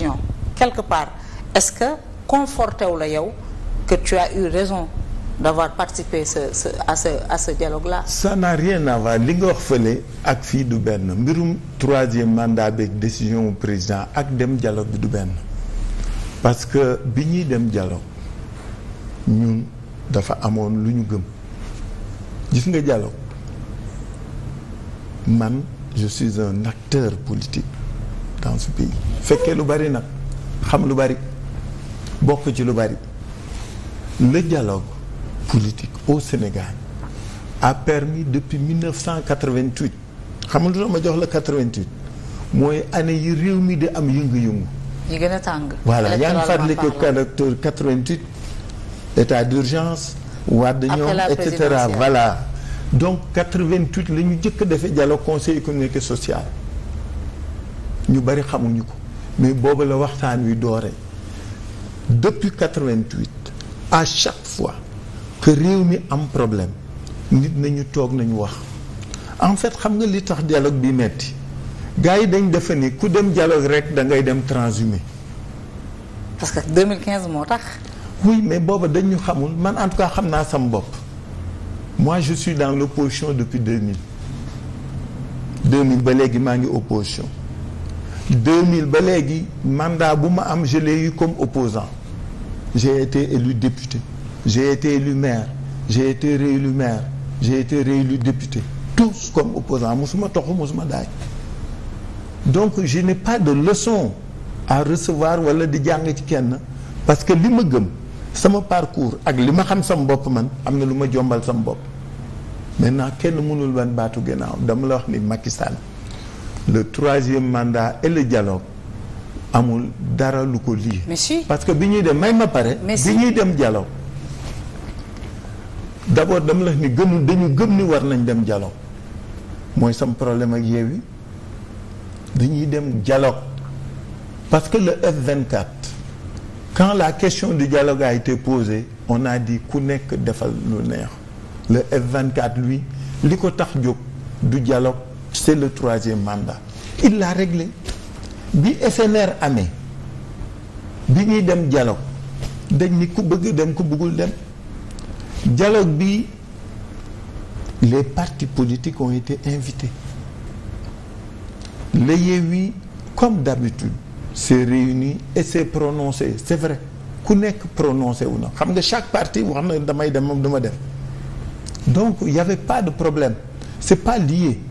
décision quelque part est-ce que conforté wu la yow que tu as eu raison d'avoir participé ce ce à ce à ce dialogue là. ça rien à li nga wax fële ak fii du benn mbirum troisième mandat beeg décision wu président ak dem dialogue bi du benn parce que bi ñuy dem dialogue ñun dafa amoon lu ñu gëm gis nga dialogue man je suis un acteur politique. dans ce pays fekkee lu bari nag xam lu bari bokk ci lu bari le dialogue politique au Sénégal a permis depuis 1988 xam nga lu ma jox la 88 mooy année yi réew mi di am yëngu-yëngu. yi gën a tàng. voilà yaa ngi fàttali ko caractère 88 état d'urgence. wadd ñoom et cetera voilà donc 88 la ñu njëkk defee dialogue conseil économique et social. ñu bari xamuñu ko mais booba la waxtaan wi doore depuis 88 à chaque fois que réew mi am problème nit nañu toog nañu wax en fait xam nga li tax dialogue bi metti gars yi dañ defe ni ku dem dialogue rek da ngay dem transhumé. parce que 2015 moo tax. oui mais booba dañu xamul man en tout cas xam naa sama bopp moi je suis dans l'opposition depuis 2000 2000 ba léegi maa ngi opposition. mille ba léegi mandat bu ma am je l'ai comme opposant j'ai été élu député j'ai été élu maire j'ai été réélu maire j'ai été réélu député tous comme opposant musuma toxu musuma daaj donc je n'ai pas de leçon à recevoir wala di jàng ci kenn parce que li ma gëm sama parcours ak li ma xam sama bopp man am na lu ma jombal sama bopp maintenant kenn mënul wan baatu gannaaw dama la wax ni Macky le troisième mandat et le dialogue amul dara lu ko lii. parce que bi ñuy dem may ma pare. bi ñuy dem dialogue. d'abord dama la ni gëm dañu gëm ni war nañ dem dialogue mooy sam problème ak Yewwi dañuy dem dialogue parce que le F24 quand la question du dialogue a été posée on a di ku nekk defal lu neex le F24 lui li ko tax jóg du dialogue c'est le troisième mandat il l'a réglé bi FNR amee bi nguy dem dialogue dañ ni ku bëgg dem ku bëggul dem dialogue bi les partis politiques ont été invités le Yewwi comme d'habitude s'est réuni et s'est prononcé c'est vrai ku nekk prononcé wu na xam nga chaque parti wax na damay dem moom dama dem donc il pas de problème c'est pas lié